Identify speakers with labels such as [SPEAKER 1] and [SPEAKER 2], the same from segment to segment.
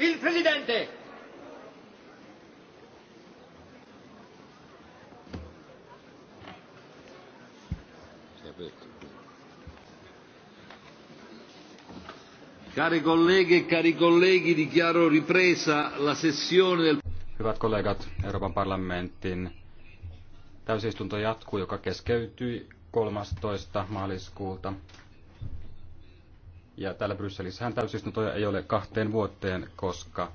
[SPEAKER 1] Il Presidente! Cari colleghe e cari colleghi, dichiaro ripresa la sessione del... Hyvät kollegat, Euroopan parlamentin täysistunto jatkuu, joka keskeytyi 13. maaliskuuta. Ja täällä Brysselissähän täysistuntoja ei ole kahteen vuoteen, koska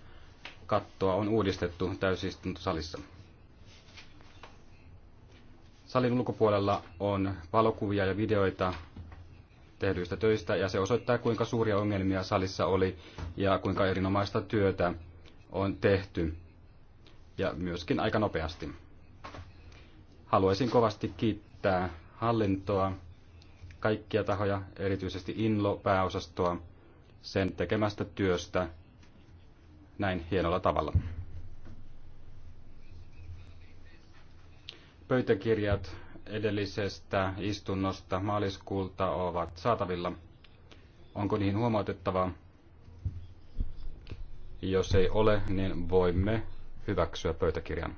[SPEAKER 1] kattoa on uudistettu täysistuntosalissa. Salin ulkopuolella on valokuvia ja videoita tehdyistä töistä ja se osoittaa kuinka suuria ongelmia salissa oli ja kuinka erinomaista työtä on tehty ja myöskin aika nopeasti. Haluaisin kovasti kiittää hallintoa kaikkia tahoja, erityisesti INLO-pääosastoa, sen tekemästä työstä näin hienolla tavalla. Pöytäkirjat edellisestä istunnosta maaliskuulta ovat saatavilla. Onko niihin huomautettavaa? Jos ei ole, niin voimme hyväksyä pöytäkirjan.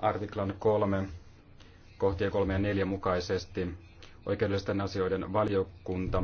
[SPEAKER 1] Artiklan kolme kohtia 3 ja 4 mukaisesti oikeudellisten asioiden valiokunta